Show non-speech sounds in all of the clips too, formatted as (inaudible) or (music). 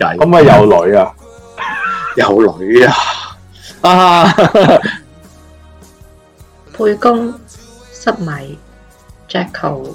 咁啊，有女啊，有女啊啊！沛公、失迷、Jetco。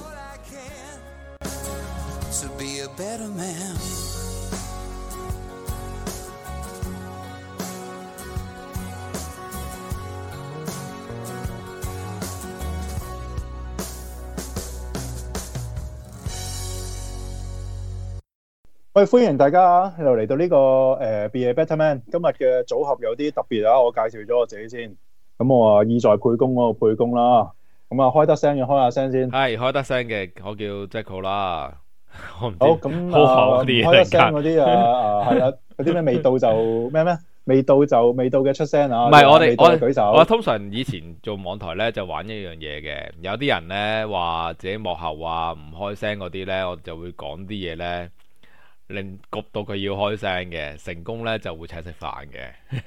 喂，歡迎大家又嚟到呢個誒，Be a Better Man。今日嘅組合有啲特別啊！我介紹咗我自己先。咁我意在沛公、哎，我沛公啦。咁啊，開得聲要開下聲先。係開得聲嘅，我叫 Jetco 啦。好咁好啲開得聲嗰啲啊啊，係啦、啊，啲咩未到就咩咩 (laughs) 未到就未到嘅出聲啊。唔係我哋我舉手我。我通常以前做網台咧就玩一樣嘢嘅。有啲人咧話自己幕後話唔開聲嗰啲咧，我就會講啲嘢咧。令焗到佢要開聲嘅，成功咧就會請食飯嘅。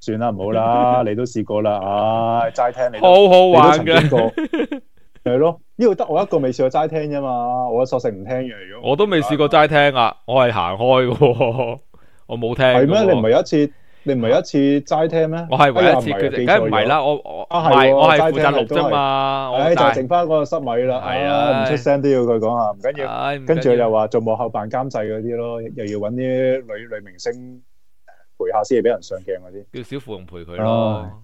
算啦，唔好啦，你都試過啦啊！齋、 (laughs) 哎、聽你，好好玩嘅，呢係 (laughs) 咯，呢度得我一個未試過齋聽啫嘛，我索性唔聽嘅的。我都未試過齋聽啊，我係行開嘅，我冇聽。係咩？你唔係有一次？你唔係有一次齋聽咩？我係有一次佢哋，梗係唔係啦。我我啊係，我係負責錄啫嘛。唉，我就剩翻嗰個失米啦。係啊，唔出聲都要佢講啊，唔緊要。唉，跟住又話做幕後扮監製嗰啲咯，又要搵啲女女明星陪下先俾人上鏡嗰啲，叫小芙蓉陪佢咯。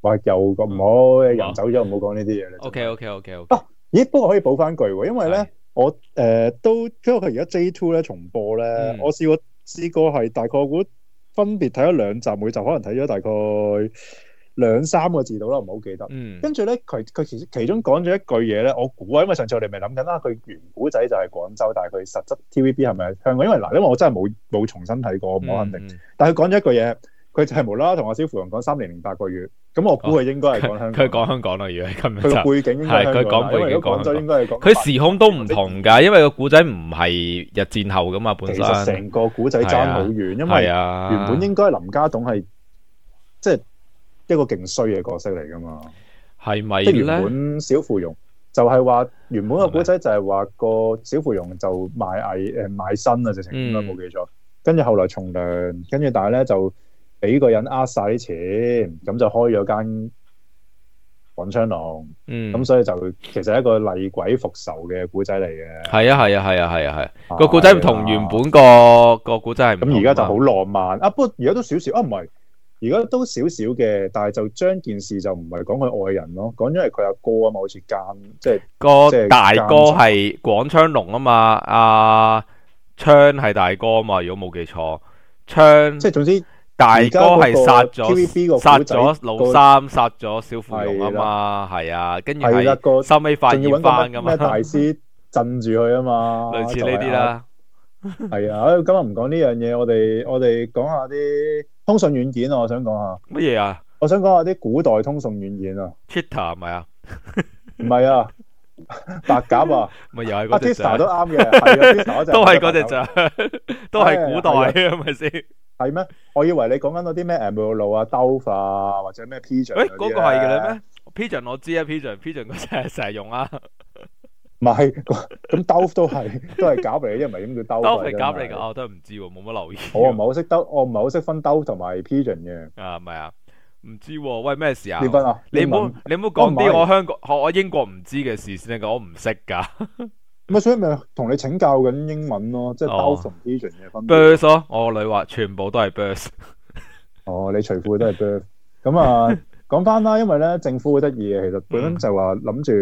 哇，又咁好，人走咗唔好講呢啲嘢啦。O K O K O K O K。哦，咦？不過可以補翻句喎，因為咧我誒都，因為佢而家 J Two 咧重播咧，我試過試過係大概估。分別睇咗兩集，每集可能睇咗大概兩三個字度啦，唔好記得。跟住咧，佢佢其實其中講咗一句嘢咧，我估啊，因為上次我哋咪諗緊啦，佢、啊、原古仔就係廣州，但係佢實質 TVB 係咪香港？因為嗱，因為我真係冇冇重新睇過，唔好肯定。嗯、但係佢講咗一句嘢，佢就係無啦啦同阿小芙蓉講三年零八個月，咁我估佢應該係講香，佢講香港咯，如果佢個背景應係佢港，港，佢，廣州應該係講，佢時空都唔同噶因為個古仔唔係日戰後噶嘛，本身成個古仔差好遠，啊啊、因為原本應該林家棟係即係一個勁衰嘅角色嚟噶嘛，係咪咧？原本小芙蓉就係話原本個古仔就係話個小芙蓉就賣藝誒賣身啊，直情應該冇記錯，跟住、嗯、後來從良，跟住但係咧就。俾個人呃晒啲錢，咁就開咗間廣昌隆，嗯，咁所以就其實係一個厲鬼復仇嘅故仔嚟嘅，係啊，係啊，係啊，係啊，係個故仔唔同原本個個、啊、故仔係咁，而家就好浪漫啊，不過而家都少少啊，唔係而家都少少嘅，但係就將件事就唔係講佢愛人咯，講咗係佢阿哥啊嘛，好似間即係個大哥係廣昌隆啊嘛，阿、啊、昌係大哥啊嘛，如果冇記錯，昌即係總之。大哥係殺咗殺咗老三，殺咗小芙蓉啊嘛，係啊，跟住係收尾發現翻噶嘛，仲要搵個咩大師鎮住佢啊嘛，類似呢啲啦，係啊，今日唔講呢樣嘢，我哋我哋講下啲通訊軟件啊，我想講下乜嘢啊，我想講下啲古代通訊軟件啊，Twitter 啊，唔係啊，唔係啊，白鴿啊，咪又係，啊 Twitter 都啱嘅，都係嗰隻咋，都係古代係咪先？係咩？我以為你講緊嗰啲咩 m 毛驢啊，Dove 啊，或者咩 Pigeon？誒，嗰個係嘅你咩？Pigeon 我知啊，Pigeon，Pigeon 我成日成日用啊。唔係，咁 Dove 都係都係搞嚟嘅，即係唔係點叫 Dove 㗎嘅？Dove 係搞嚟噶，我都唔知，冇乜留意。我唔係好識 Dove，我唔係好識分 Dove 同埋 Pigeon 嘅。啊，唔係啊，唔知喂咩事啊？點分啊？你唔好你唔好講啲我香港我英國唔知嘅事先得噶，我唔識噶。咁啊，所以咪同你請教緊英文咯，噢即係 bird 同 pigeon 嘅分別。Bird 咯，我女話全部都係 bird 哦，你廚婦都係 bird 咁啊，講翻啦，因為咧政府好得意嘅，其實本身就話諗住誒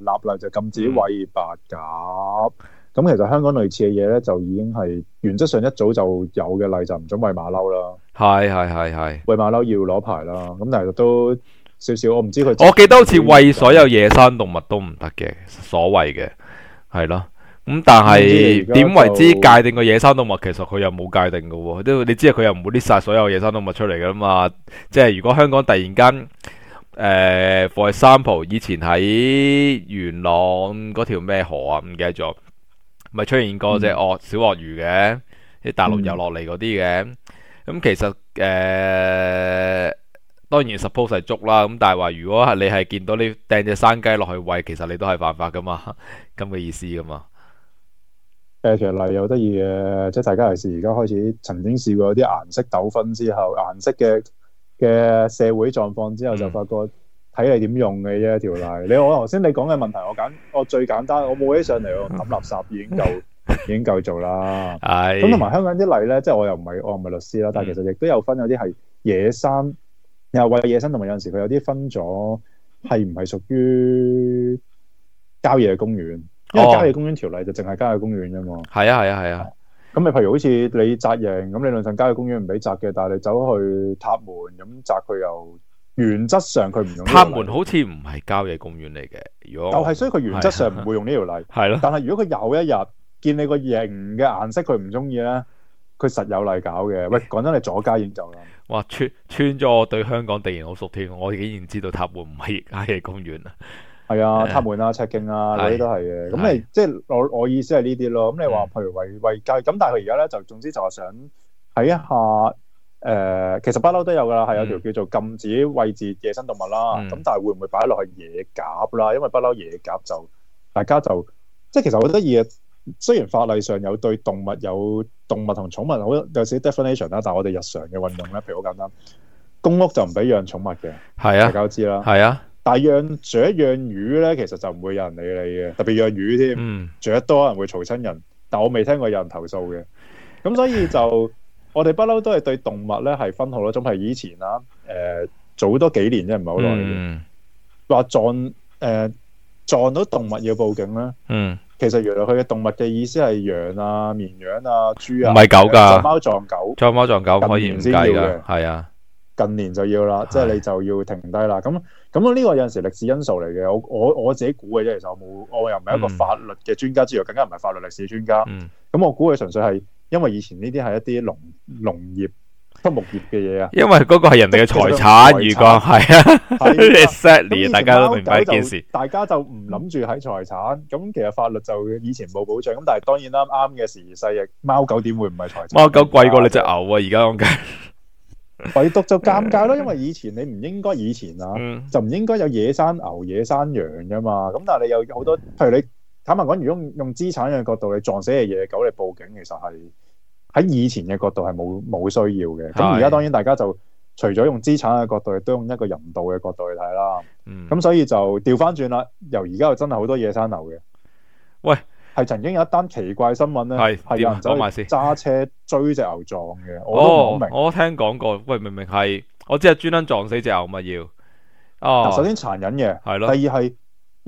立例就禁止餵白鴿。咁、嗯、其實香港類似嘅嘢咧，就已經係原則上一早就有嘅例就猴猴，就唔准餵馬騮啦。係係係係。餵馬騮要攞牌啦。咁但係都少少，我唔知佢。我記得好似餵所有野生動物都唔得嘅，所謂嘅。係咯，咁但係點為之界定個野生動物？其實佢又冇界定噶喎，都你知啊，佢又唔會拎晒所有野生動物出嚟噶嘛。即係如果香港突然間，誒、呃、，for example 以前喺元朗嗰條咩河啊，唔記得咗，咪出現過隻鱷小鱷魚嘅，啲、嗯、大陸游落嚟嗰啲嘅，咁、嗯嗯、其實誒。呃當然 suppose 係捉啦，咁但係話如果係你係見到你掟隻生雞落去餵，其實你都係犯法噶嘛，咁嘅意思噶嘛。誒，其實例有得意嘅，即係大家係試而家開始曾經試過啲顏色糾紛之後，顏色嘅嘅社會狀況之後就發覺睇你點用嘅啫條例。你我頭先你講嘅問題，我揀我最簡單，我冇起上嚟我抌垃圾已經夠、嗯、已經夠做啦。係。咁同埋香港啲例咧，即係我又唔係我又唔係律師啦，但係其實亦都有分有啲係野生。又為野生動物有陣時佢有啲分咗係唔係屬於郊野公園？因為郊野公園條例就淨係郊野公園啫嘛。係啊係啊係啊。咁咪譬如好似你紮營咁，你論上郊野公園唔俾紮嘅，但係你走去塔門咁紮，佢又原則上佢唔用。塔門好似唔係郊野公園嚟嘅，如果就係，所以佢原則上唔會用呢條例。係咯、啊。啊、但係如果佢有一日見你個營嘅顏色佢唔中意咧。佢實有例搞嘅，喂，講真，你左家宴就啦。哇，穿穿咗我對香港地形好熟添，我竟然知道塔門唔係郊野公園啊。係啊，塔門啊，赤徑、呃、啊，嗰啲是都係嘅。咁咪即係我我意思係呢啲咯。咁你話譬如為為街咁，但係佢而家咧就總之就係想睇一下誒、呃，其實不嬲都有㗎啦，係有條叫做禁止餵食野生動物啦。咁、嗯、但係會唔會擺落去野鴿啦？因為不嬲野鴿就大家就即係其實好得意啊。雖然法例上有對動物有。動物同寵物很，好有少啲 definition 啦。但係我哋日常嘅運用咧，譬如好簡單，公屋就唔俾養寵物嘅，係啊，大家都知啦，係啊。但係養雀養魚咧，其實就唔會有人理你嘅，特別養魚添，雀、嗯、多可能會嘈親人，但我未聽過有人投訴嘅。咁所以就我哋不嬲都係對動物咧係分好咯。總係以前啦，誒、呃、早多幾年啫，唔係好耐嘅。話、嗯、撞誒、呃、撞到動物要報警啦，嗯。其實原來佢嘅動物嘅意思係羊啊、綿羊啊、豬啊，唔係狗噶，撞貓撞狗，撞貓撞狗可以唔知噶，係啊，近年就要啦，即係你就要停低啦。咁咁呢個有陣時歷史因素嚟嘅，我我我自己估嘅啫，其實我冇，我又唔係一個法律嘅專家之餘，又更加唔係法律歷史專家。咁我估佢純粹係因為以前呢啲係一啲農農業。畜牧業嘅嘢啊，因為嗰個係人哋嘅財產，如果係啊，settle 大家都明白一件事，大家就唔諗住喺財產，咁其實法律就以前冇保障，咁但係當然啦，啱嘅時勢亦貓狗點會唔係財產？貓狗貴過你隻牛啊！而家講緊，唯獨就尷尬咯，因為以前你唔應該以前啊，就唔應該有野生牛、野生羊噶嘛，咁但係你有好多，譬如你坦白講，如果用資產嘅角度，你撞死嘅野狗，你報警其實係。喺以前嘅角度係冇冇需要嘅，咁而家當然大家就除咗用資產嘅角度，都用一個人道嘅角度去睇啦。咁、嗯、所以就掉返轉啦，由而家又真係好多野生牛嘅。喂，係曾經有一單奇怪的新聞咧，係係是人就揸車追隻牛撞嘅、啊哦，我都好明，我聽講過。喂，明明係我知係專登撞死隻牛咪要啊，哦、首先殘忍嘅係咯，是的第二係。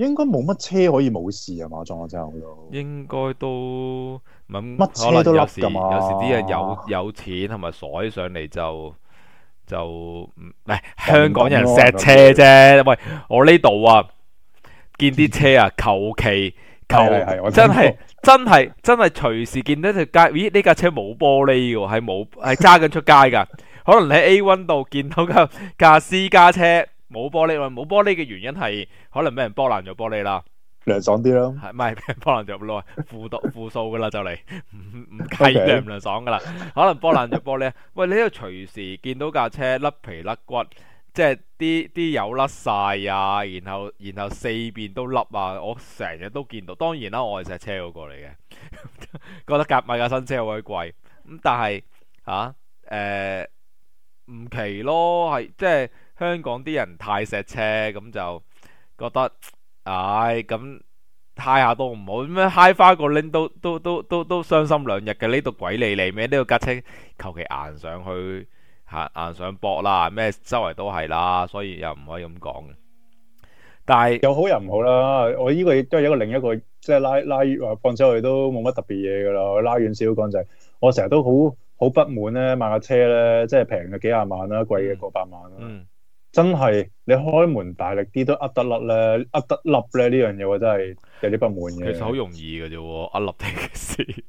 應該冇乜車可以冇事啊嘛，撞下之後應該都唔係乜車都有噶。有時啲人有有錢係咪甩上嚟就就唔係香港人錫車啫。喂，我呢度啊，見啲車啊求其求真係真係真係隨時見到只街，咦呢架車冇玻璃噶，係冇係揸緊出街噶。 (laughs) 可能喺 A1 度見到架架私家車。冇玻璃喎，冇玻璃嘅原因係可能俾人波爛咗玻璃啦，涼爽啲咯，係唔係？俾人波爛咗咯，負數負數噶啦就嚟，唔唔計嘅唔涼爽噶啦，可能波爛咗玻璃。喂，你喺度隨時見到架車甩皮甩骨，即係啲啲油甩晒啊，然後然後四邊都甩啊，我成日都見到。當然啦，我係石車嗰、那個嚟嘅，覺得夾埋架新車好鬼貴，咁但係吓？誒、啊、呃、唔奇咯，係即係。香港啲人太錫車，咁就覺得，唉，咁揩下都唔好，咩揩花個拎都都都都都傷心兩日嘅。呢度鬼理你咩，呢度架車，求其硬上去嚇，硬上博啦，咩周圍都係啦，所以又唔可以咁講嘅。但係有好有唔好啦，我呢個亦都係一個另一個，即係拉拉話放出去都冇乜特別嘢噶啦，我拉遠少講就係我成日都好好不滿咧，買架車咧，即係平嘅幾廿萬啦，貴嘅過百萬啦。嗯嗯真係你開門大力啲都呃得笠咧，呃得笠咧，呢樣嘢，我真係有啲不滿嘅。其實好容易嘅啫，呃笠啲嘅事，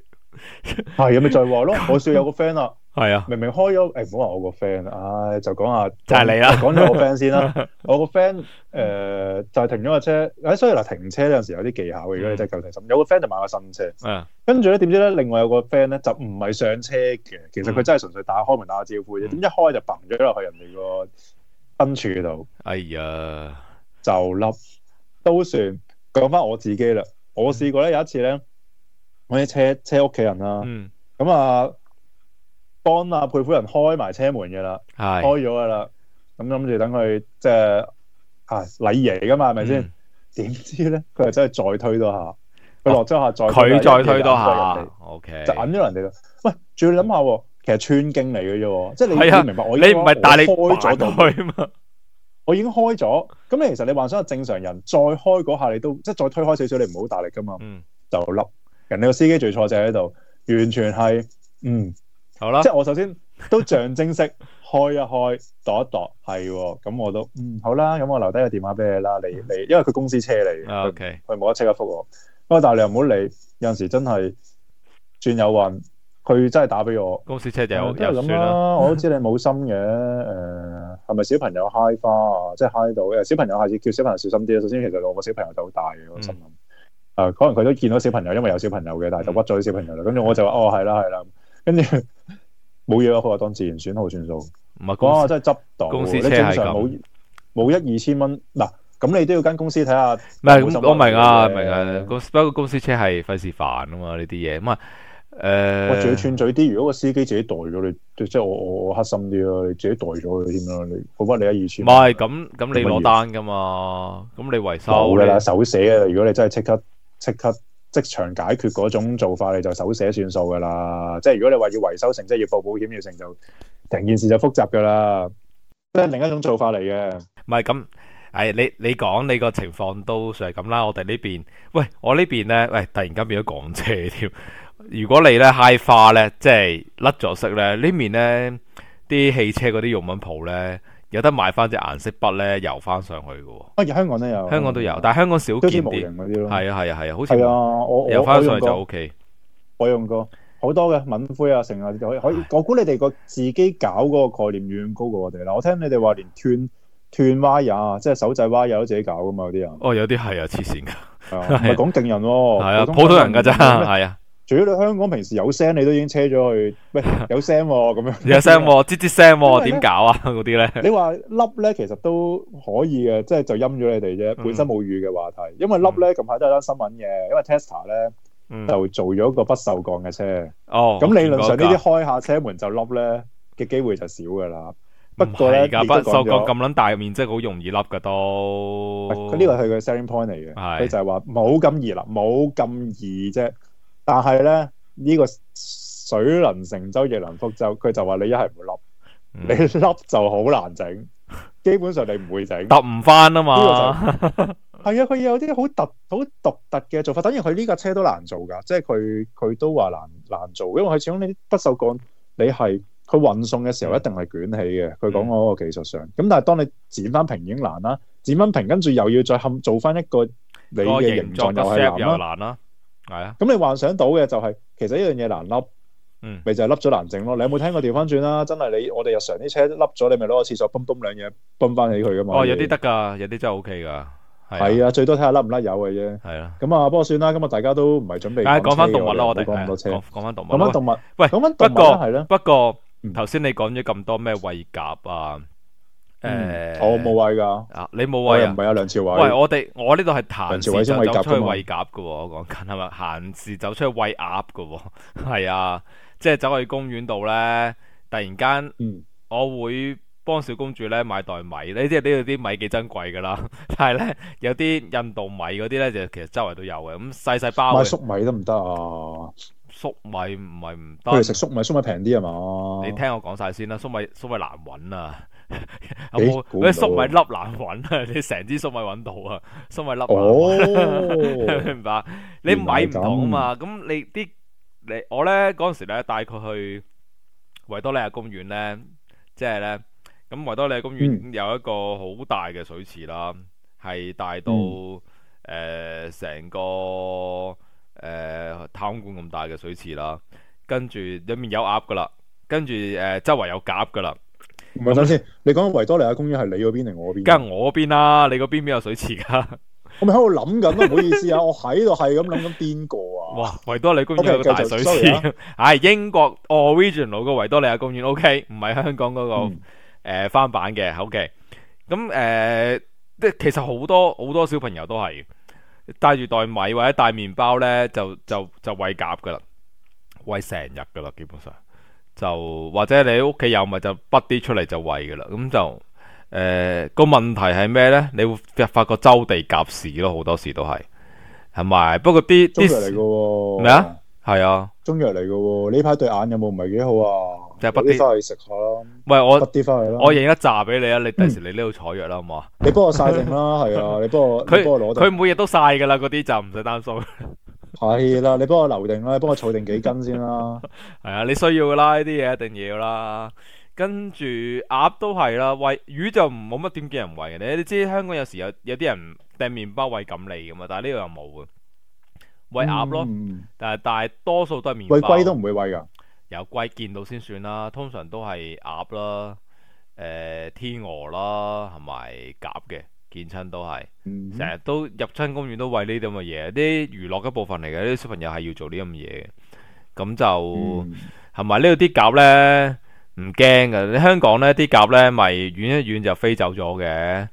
係咁咪再話咯。我最近有個 friend 啊，係啊，明明開咗誒，唔好話我個 friend 啦，就講下， (laughs) 呃，就係你啦，講咗我 friend 先啦。我個 friend 誒，就係停咗個車。誒， (laughs) 所以嗱，停車有陣時有啲技巧嘅。如果你真係夠耐心，有個 friend 就買個新車。 (laughs) 跟住咧，點知咧，另外有個 friend 咧就唔係上車嘅。其實佢真係純粹打開門打個招呼啫。點一 (laughs) 開就崩咗落去人哋個。身處度，哎呀，就笠都算。講翻我自己啦，我試過咧有一次咧，我啲車車屋企人啦、啊，咁、嗯、啊幫阿、啊、佩婦人開埋車門嘅啦，是開咗嘅啦，咁諗住等佢即係係禮儀噶嘛，係咪先？點、嗯、知咧佢真係再推多下，佢落咗下再，佢再推多下，ok 就引咗人哋咯。喂，仲要諗下、啊。其實村經嚟嘅啫，即係的你會明白我。你唔係，但係你開咗度去嘛？我已經開咗，咁你其實你幻想個正常人 (laughs) 再開嗰下，你都即係再推開少少，你唔好大力噶嘛嗯。嗯，吧就笠。人哋個司機最錯就喺度，完全係嗯好啦。即係我首先都象徵式 (laughs) 開一開，度一度，係咁我都嗯好啦。咁我留低個電話俾你啦。你你因為佢公司車嚟、啊、，OK，佢冇得車架福我。不過但係你又唔好理，有陣時真係轉有運。佢真係打俾我，公司車就因為咁啦。我都知你冇心嘅，誒，係咪小朋友揩花啊？即係揩到嘅。小朋友下次叫小朋友小心啲啦。首先，其實我個小朋友就好大嘅，我心諗。啊，可能佢都見到小朋友，因為有小朋友嘅，但係就屈咗啲小朋友啦。跟住我就話哦，係啦係啦，跟住冇嘢咯。佢話當自然損耗算數。唔係，嗰真係執檔。公司車係咁。冇一二千蚊嗱，咁你都要跟公司睇下。唔係，我明啊，明啊。不過公司車係費事煩啊嘛，呢啲嘢咁啊。誒，我仲要串嘴啲。如果個司機自己袋咗你，即係我我我黑心啲你自己袋咗佢添啦。你我屈你一二千。唔係咁，咁你攞單噶嘛？咁你維修冇啦，手寫嘅。如果你真係即刻即刻即場解決嗰種做法，你就手寫算數噶啦。即係如果你話要維修成，即係要報保險要成，就成件事就複雜噶啦。即係另一種做法嚟嘅。唔係咁，係、哎、你你講你個情況都算係咁啦。我哋呢邊，喂，我這邊呢邊咧，喂、哎，突然間變咗港車添。如果你咧揩花咧，即係甩咗色咧，這呢面咧啲汽車嗰啲用品鋪咧有得買翻隻顏色筆咧，油翻上去噶。啊，香港都有，香港都有，嗯、但係香港少見啲。都似模型嗰啲咯。係啊係啊係啊，好似係啊。我油翻上去就 OK。我用過好多嘅粉灰啊，成啊，可以可以。唉我估你哋個自己搞嗰個概念遠遠高過我哋啦。我聽你哋話連斷斷 wire 啊，即係手掣 wire 都自己搞噶嘛，嗰啲人。哦，有啲係啊，黐線噶，唔係講定人喎。係啊， (laughs) 是啊，普通人噶咋，係啊。是啊。除咗你香港平時有聲，你都已經車咗去，喂有聲咁樣，有聲，吱吱聲，點搞啊？嗰啲咧？你話凹咧，其實都可以嘅，即係就陰咗你哋啫。本身冇語嘅話題，因為凹咧近排都有單新聞嘅，因為 Tesla 咧就做咗個不鏽鋼嘅車哦。咁理論上呢啲開下車門就凹咧嘅機會就少噶啦。不過咧不鏽鋼咁撚大面積好容易凹噶都。佢呢個係個 selling point 嚟嘅，佢就係話冇咁易啦，冇咁易啫。但係咧，呢、這個水能成舟亦能覆舟，佢就話你一係唔笠，嗯、你笠就好難整，基本上你唔會整，凸唔翻啊嘛。係啊，佢 (laughs) 有啲好特好獨特嘅做法，等於佢呢架車都難做噶，即係佢佢都話難難做，因為佢始終你不鏽鋼，你係佢運送嘅時候一定係捲起嘅。佢講嗰個技術上，咁但係當你剪翻平已經難啦，剪翻平跟住又要再做翻一個你嘅形狀又係難啦、啊。係啊，咁你幻想到嘅就係，其實呢樣嘢，難笠，嗯，咪就係笠咗難整咯。你有冇聽過調翻轉啦？真係你我哋日常啲車凹咗，你咪攞個廁所泵泵兩嘢泵翻起佢噶嘛？哦，有啲得噶，有啲真係 O K 噶，係啊，最多睇下笠唔凹有嘅啫。係啊，咁啊，不過算啦，咁啊，大家都唔係準備。係講翻動物啦，我哋係講翻動物，講翻動物。喂，不過係啦，不過頭先你講咗咁多咩餵鴿啊？誒，我冇餵噶你冇餵啊？唔係有梁朝偉，餵我哋，我呢度係閒時就走去餵鴿噶。我講緊係咪？閒時走出去喂鴨噶，係啊，即係走去公園度咧，突然間我會幫小公主咧買袋米。嗯、你知呢度啲米幾珍貴噶啦？但係咧有啲印度米嗰啲咧，就其實周圍都有嘅，咁細細包。買粟米都唔得啊！粟米唔係唔得。佢食粟米，粟米平啲係嘛？你聽我講晒先啦，粟米粟米難搵啊！啲 (laughs) 有不粟米粒難搵啊！你成支粟米搵到啊！粟米粒難搵，哦、 (laughs) 明白？你米唔同啊嘛。咁你啲你我咧嗰陣時咧帶佢去維多利亞公園咧，即係咧咁維多利亞公園有一個好大嘅水池啦，係、嗯、大到誒成、嗯呃、個誒太空館咁大嘅水池啦。跟住裏面有鴨噶啦，跟住誒、呃、周圍有鴿噶啦。唔係，首先你講維多利亞公園係你嗰邊定我嗰邊？梗係我嗰邊啦，你嗰邊邊有水池噶？我咪喺度諗緊咯，都唔好意思啊，我喺度係咁諗緊邊個啊？哇，維多利公園有個大水池，啊，係英國 original 嘅維多利亞公園，OK，唔係香港嗰、嗰個誒、嗯呃、翻版嘅，OK。咁誒，即、呃、係其實好多好多小朋友都係帶住袋米或者帶麵包咧，就就就喂鴿噶啦，餵成日噶啦，基本上。就或者你屋企有咪就滗啲出嚟就餵噶啦，咁就誒個問題係咩咧？你會發覺周地夾屎咯，好多時都係，係咪？不過啲中藥嚟嘅咩啊？係啊，中藥嚟嘅。呢排對眼有冇唔係幾好啊？就係滗啲翻去食下咯。唔係我滗啲翻去，我影一扎俾你啊！你第時你呢度採藥啦，好唔好啊？你幫我曬定啦，係啊！你幫我佢幫我攞，佢每日都曬噶啦，嗰啲就唔使擔心。係啦，你幫我留定啦，你幫我儲定幾斤先啦。係啊， (laughs) 你需要噶啦，呢啲嘢一定要啦。跟住鴨都係啦，餵魚就冇乜點叫人餵嘅。你你知香港有時有有啲人掟麵包餵錦你噶嘛，但係呢度又冇嘅，餵鴨咯。嗯、但係但係多數都係麵包。餵龜都唔會餵噶，有龜見到先算啦。通常都係鴨啦，誒、呃、天鵝啦，同埋鴨嘅。見親都係，成日、嗯、哼都入親公園都喂呢啲咁嘅嘢，啲娛樂嘅部分嚟嘅，啲小朋友係要做呢啲咁嘅嘢嘅。咁就係咪呢度啲鴿呢？唔驚㗎，你香港呢啲鴿呢，咪遠一遠就飛走咗嘅。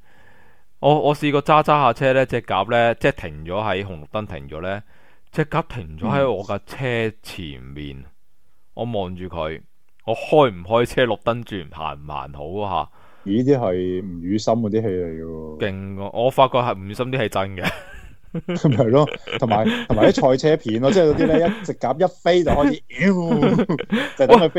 我我試過揸揸下車呢，隻鴿呢，即係停咗喺紅綠燈停咗呢，隻鴿停咗喺我架車前面，嗯、我望住佢，我開唔開車綠燈轉行唔行好啊？呢啲係吳宇森嗰啲戲嚟嘅，勁，我發覺係吳宇森啲係真嘅， (laughs) 咁咯，同埋同埋啲賽車片咯， (laughs) 即係嗰啲咧一直夾一飛就可以，哇 (laughs) 就佢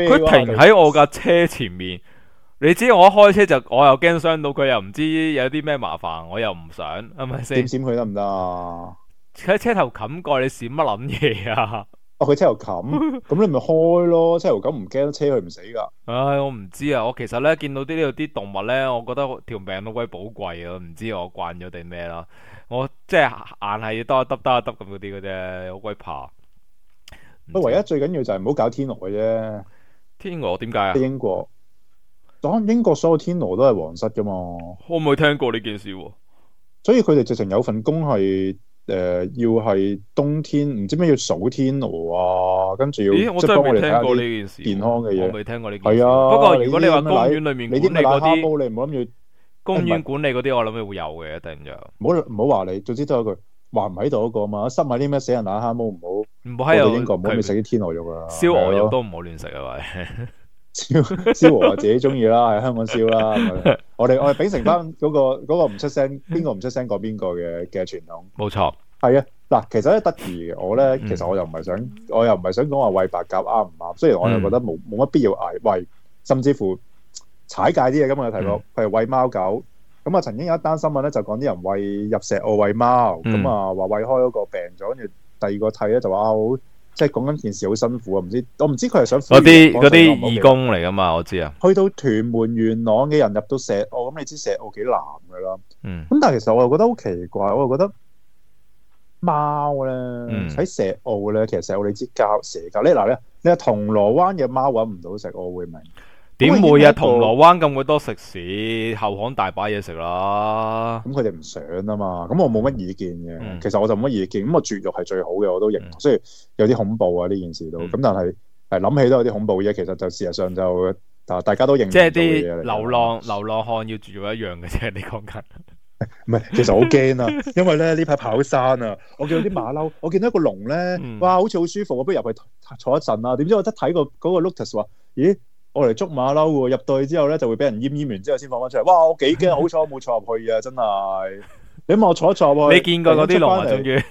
停喺我架車前面， (laughs) 你知我一開車就我又驚傷到佢，又唔知有啲咩麻煩，我又唔想，咁咪閃閃佢得唔得啊？喺車頭冚蓋，你閃乜諗嘢啊？佢、哦、車頭冚，咁 (laughs) 你咪開咯，車頭冚唔驚車佢唔死噶。唉，我唔知啊，我其實咧見到啲呢度啲動物咧，我覺得條命都鬼寶貴啊，唔知我慣咗定咩啦。我即係硬係要多一耷當一耷咁嗰啲嘅啫，好鬼怕。我唯一最緊要就係唔好搞天鵝嘅啫。天鵝點解啊？英國，可英國所有天鵝都係皇室噶嘛？可唔可以聽過呢件事啊？所以佢哋直情有份工係。誒、呃，要係冬天唔知咩要數天鵝啊，跟住要，咦，我真係未聽過呢件事，健康嘅嘢，我未聽過呢件事。係啊，不過如果你話公園裏面，你啲奶蝦煲，你唔好諗住。公園管理嗰啲，我諗會會有嘅，突然就。唔好唔好話你，總之都有句，話唔喺度嗰個嘛。塞埋啲咩死人奶蝦煲唔好，唔好我哋英國唔好食啲天鵝肉，燒鵝肉啊，燒鵝肉都唔好亂食啊，喂。燒燒鵝自己中意啦，喺 (laughs) 香港燒啦。 (laughs) 我哋我哋秉承翻嗰個嗰，那個唔出聲，邊個唔出聲過邊個嘅嘅傳統。冇錯錯，係啊。嗱，其實咧得意嘅，我咧、嗯、其實我又唔係想，我又唔係想講話餵白鴿啱唔啱。雖然我又覺得冇冇乜必要嗌喂，甚至乎踩界啲嘢咁啊。題目譬如餵貓狗，咁啊，嗯、曾經有一單新聞咧就講啲人喂入石澳餵貓，咁啊話餵開嗰個病咗，跟住第二個睇咧就話即係講緊件事好辛苦啊！唔知我唔知佢係想嗰啲嗰啲義工嚟噶嘛？我知啊，去到屯門元朗嘅人入到石澳，咁你知石澳幾難噶啦。嗯，咁但係其實我又覺得好奇怪，我又覺得貓咧喺石澳咧，其實石澳你知交蛇噶咧嗱咧，你話銅鑼灣嘅貓搵唔到食，我會明。點每日銅鑼灣咁鬼多食肆，後巷大把嘢食啦。咁佢哋唔想啊嘛，咁我冇乜意見嘅。嗯、其實我就冇乜意見。咁我絕育係最好嘅，我都認同。雖然、嗯、有啲恐怖啊，呢件事都咁，嗯、但係係諗起都有啲恐怖嘢。其實就事實上就，但大家都認同。即係啲流浪說流浪漢要絕育一樣嘅啫。你講緊唔係？其實好驚啊， (laughs) 因為咧呢排跑山啊，我見到啲馬騮，我見到一個龍咧，嗯、哇，好似好舒服啊，不如入去坐一陣啦。點知我得睇個嗰個 Lotus 話，咦？我嚟捉馬騮嘅，入隊之後咧就會俾人閹閹完之後先放翻出嚟。哇！我幾驚，好彩我冇坐入去啊，真係。你問我坐一坐喎。你見過嗰啲籠？等於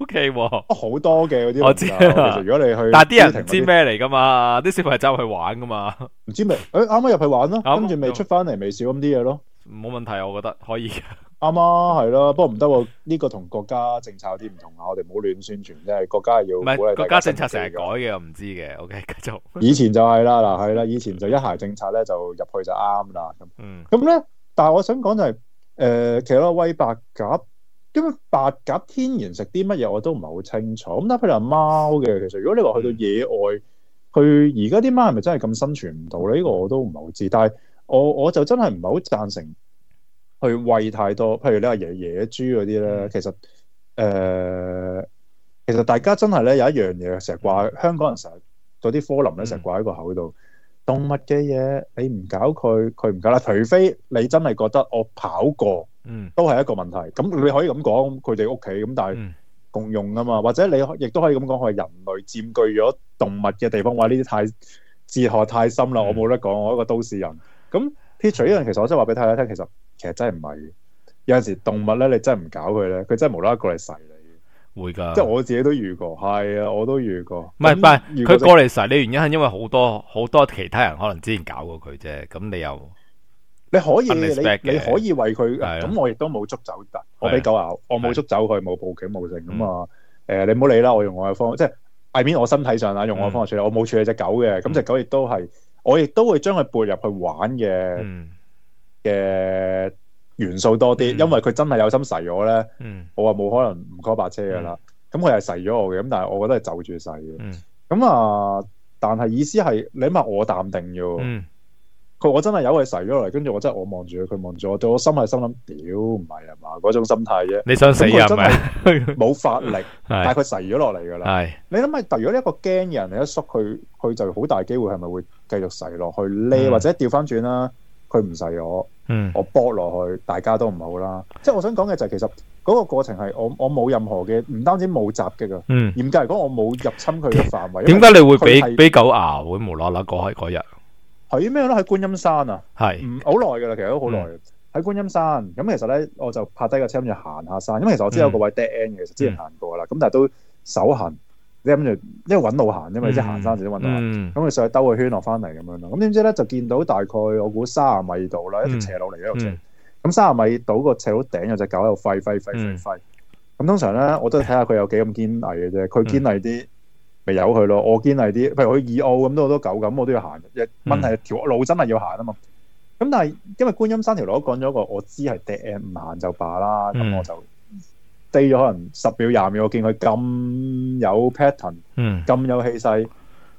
OK，好多嘅嗰啲。我知其實如果你去，但係啲人唔知咩嚟噶嘛，啲小朋友走去玩噶嘛，唔知咪？誒、欸，啱啱入去玩啦，跟住未出翻嚟，未少咁啲嘢咯。冇問題，我覺得可以。啱啱，係咯，不過唔得喎，呢個同國家政策有啲唔同啊，我哋唔好亂宣傳即係，國家係要唔係？國家政策成日改嘅，我唔知嘅。OK，繼續。以前就係啦，嗱係啦，以前就一孩政策咧就入去就啱啦。嗯。咁咧，但係我想講就係、是，誒、呃，其實個餵白鴿，因為白鴿天然食啲乜嘢我都唔係好清楚。咁譬如話貓嘅，其實如果你話去到野外，佢而家啲貓係咪真係咁生存唔到咧？呢個我都唔係好知道。但係我我就真係唔係好贊成。去喂太多，譬如你養野豬嗰啲咧，嗯、其實，誒、呃，其實大家真係咧有一樣嘢，成日掛、嗯、香港人成日嗰啲科林咧成日掛喺個口度，嗯、動物嘅嘢你唔搞佢，佢唔搞啦，除非你真係覺得我跑過，嗯，都係一個問題。咁你可以咁講佢哋屋企咁，但係共用啊嘛，或者你亦都可以咁講，佢係人類佔據咗動物嘅地方，哇！呢啲太哲學太深啦，嗯、我冇得講，我一個都市人。咁撇除呢樣其實我真話俾大家聽，其實。其實真係唔係，有陣時動物咧，你真係唔搞佢咧，佢真係無啦啦過嚟噬你，會噶。即係我自己都遇過，係啊，我都遇過。唔係，唔係，佢過嚟噬你原因係因為好多好多其他人可能之前搞過佢啫。咁你又，你可以你你可以餵佢，咁我亦都冇捉走，我俾狗咬，我冇捉走佢，冇報警，冇剩咁啊。誒，你唔好理啦，我用我嘅方法，即係，係咪我身體上啊？用我嘅方法處理，我冇處理隻狗嘅。咁隻狗亦都係，我亦都會將佢撥入去玩嘅嘅元素多啲，嗯、因為佢真係有心噬我咧，嗯、我話冇可能唔該白車噶啦，咁佢係噬咗我嘅，咁但係我覺得係就住噬嘅，咁、嗯、啊，但係意思係你諗下我淡定要，佢我真係有佢噬咗落嚟，跟住我真係我望住佢，佢望住我，對我心係心諗，屌唔係啊嘛，嗰種心態啫，你想死啊咪，冇、嗯、法力， (laughs) 但係佢噬咗落嚟噶啦，係是，你諗下，如果一個驚人，你一縮佢，佢就好大機會係咪會繼續噬落去咧，嗯、或者掉翻轉啦？佢唔使我，我搏落去，大家都唔好啦。即係我想講嘅就係，其實嗰個過程係我我冇任何嘅，唔單止冇襲擊啊，嗯、嚴格嚟講我冇入侵佢嘅範圍。點解你會俾俾狗咬？會無啦啦嗰日喺咩咧？喺觀音山啊，係好耐噶啦，其實都好耐。喺、嗯、觀音山咁，其實咧我就泊低架車咁樣行下山，因為其實我知有個位 dead end 嘅，嗯、其實之前走過了但都行過啦，咁但係都手痕。你諗住，因為揾路行，因為即係行山時都揾到行。咁佢、嗯、上去兜個圈落翻嚟咁樣咯。咁點知咧就見到大概我估卅米度啦、嗯，一條斜路嚟嘅。咁卅、嗯嗯、米度個斜路頂有隻狗喺度吠吠吠吠吠。咁、嗯、通常咧我都睇下佢有幾咁堅毅嘅啫。佢堅毅啲，咪由佢咯。我堅毅啲，譬如去二澳咁都好多狗咁，我都要行嘅。嗯、問題條路真係要行啊嘛。咁但係因為觀音山條路講咗個，我知係 dead end，唔行就罷啦。咁、嗯、我就。低咗可能十秒廿秒，我見佢咁有 pattern，嗯，咁有氣勢，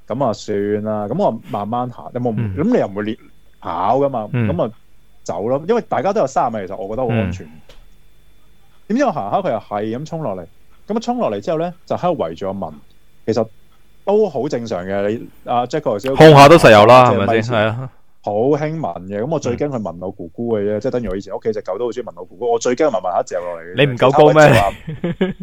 咁啊算啦。咁我慢慢行，有冇咁、嗯、你又唔會列跑噶嘛？咁啊、嗯、走咯，因為大家都有卅米，其實我覺得好安全。點、嗯、知我行下佢又係咁衝落嚟，咁啊衝落嚟之後咧就喺度圍住我聞，其實都好正常嘅。你阿、啊、Jetco 又知控下都實有啦，係咪先？係啊。好興聞嘅，咁我最驚佢聞我姑姑嘅啫，即係等於我以前屋企隻狗都好中意聞我姑姑，我最驚聞聞一隻落嚟。你唔夠高咩？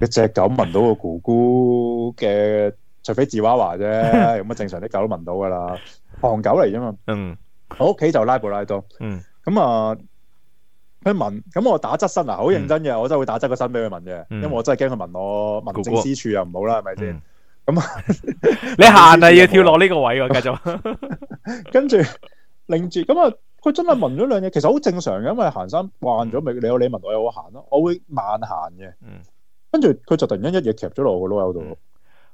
一隻狗聞到個姑姑嘅，除非芝娃娃啫，咁啊正常啲狗都聞到噶啦，藏狗嚟啫嘛。嗯，我屋企就拉布拉多。嗯，咁啊，佢聞，咁我打側身啊，好認真嘅，我真係會打側個身俾佢聞嘅，因為我真係驚佢聞我聞正私處又唔好啦，係咪先？咁 (laughs) 你行啊，要跳落呢個位喎，繼續，跟住擰住，咁啊，佢真係聞咗兩嘢，其實好正常㗎嘛，嗯、因為行山慣咗咪，你有你聞，我有我行咯，我會慢行嘅，嗯，跟住佢就突然間一嘢夾咗落個樓梯度，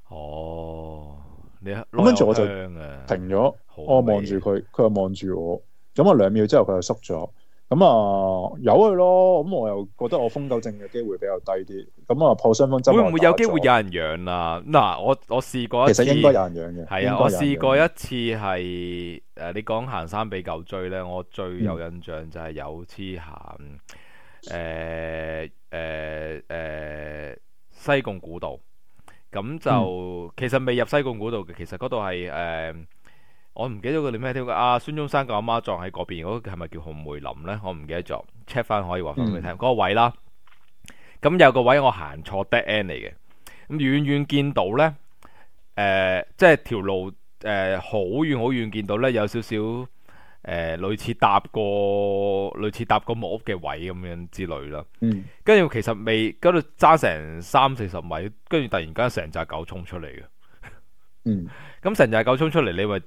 哦，你啊，咁跟住我就停咗，歸我望住佢，佢又望住我，咁啊兩秒之後佢又縮咗。咁啊、嗯嗯、有佢咯，咁我又覺得我瘋狗症嘅機會比較低啲。咁、嗯、啊破傷風針會唔會有機會有人養啊？嗱、啊，我我試過一次，應該有人養嘅。係啊，我試過一次係誒，你講行山俾狗追咧，我最有印象就係有次行誒誒誒西貢古道，咁就、嗯、其實未入西貢古道嘅，其實嗰度係誒。呃我唔記得佢叫咩添嘅，阿孫、啊、中山個阿媽葬喺嗰邊，嗰個係咪叫紅梅林呢？我唔記得咗，check 翻可以話翻俾你聽。嗰個位啦，咁、那個、有個位我行錯 dead end 嚟嘅，咁遠遠見到呢，誒、呃，即係條路誒，好遠好遠見到呢，有少少誒，類似搭個類似搭個木屋嘅位咁樣之類啦。跟住、嗯、其實未嗰度揸成三四十米，跟住突然間成紮狗衝出嚟嘅。咁成紮狗衝出嚟，你話～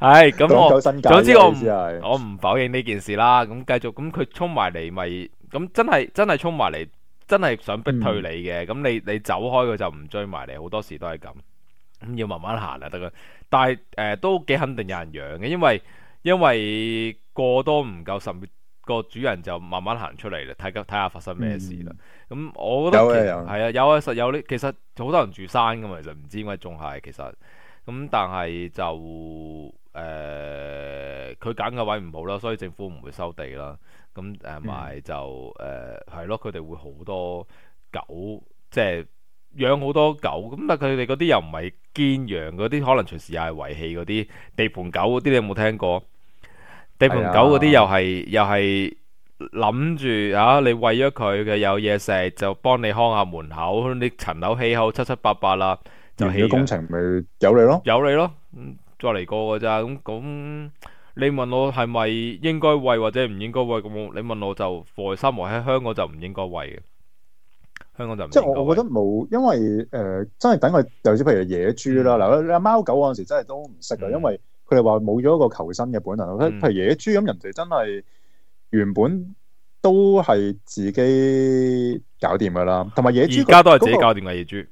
係咁我，總之我唔，我唔否認呢件事啦。咁繼續，咁佢沖埋嚟咪，咁真係真係沖埋嚟，真係想逼退你嘅。咁你你走開佢就唔追埋你，好多時都係咁。咁要慢慢行啦，得啦。但係誒都幾肯定有人養嘅，因為因為過多唔夠，甚至個主人就慢慢行出嚟啦，睇緊睇下發生咩事啦。咁我覺得係啊，有啊，實有啲其實好多人住山噶嘛，其實唔知點解仲係其實咁，但係就。誒，佢揀嘅位唔好啦，所以政府唔會收地啦。咁誒，埋、啊嗯、就誒係咯，佢、呃、哋會好多狗，即係養好多狗。咁但佢哋嗰啲又唔係兼養嗰啲，可能隨時又係遺棄嗰啲地盤狗嗰啲，你有冇聽過？地盤狗嗰啲又係、哎、呀 又係諗住吓你餵咗佢，佢有嘢食就幫你看下門口，你層樓氣候七七八八啦，就起工程咪有利咯，有利咯。再嚟過嘅咋咁咁？你問我係咪應該喂或者唔應該喂？咁你問我就，我心懷喺香港就唔應該喂嘅，香港就唔應該喂，即係我我覺得冇，因為誒、呃、真係等佢，尤其譬如野豬啦，嗱阿貓狗嗰陣時真係都唔識啊，嗯、因為佢哋話冇咗一個求生嘅本能、嗯、譬如野豬咁，人哋真係原本都係自己搞掂噶啦，同埋野豬而家都係自己搞掂嘅、那個、野豬。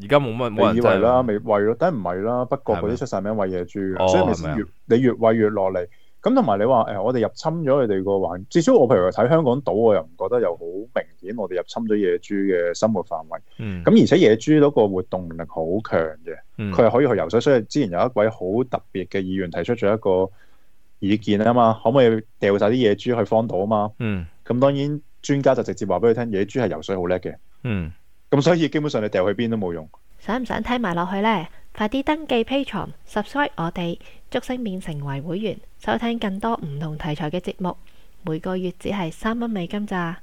而家冇乜冇人就係啦，未餵咯，梗係唔係啦。不過嗰啲出晒名餵野豬、哦、所以其實越你越餵越落嚟。咁同埋你話誒、欸，我哋入侵咗佢哋個環，至少我譬如話睇香港島，我又唔覺得又好明顯，我哋入侵咗野豬嘅生活範圍。咁、嗯、而且野豬嗰個活動力好強嘅，佢係可以去游水。所以之前有一位好特別嘅議員提出咗一個意見啊嘛，可唔可以掉晒啲野豬去荒島啊嘛？嗯。咁當然專家就直接話俾佢聽，野豬係游水好叻嘅。嗯。咁所以基本上你掉去邊都冇用。想唔想聽埋落去呢？快啲登記 Patreon, subscribe 我哋，竹升麵成為會員，收聽更多唔同題材嘅節目。每個月只係三蚊美金咋。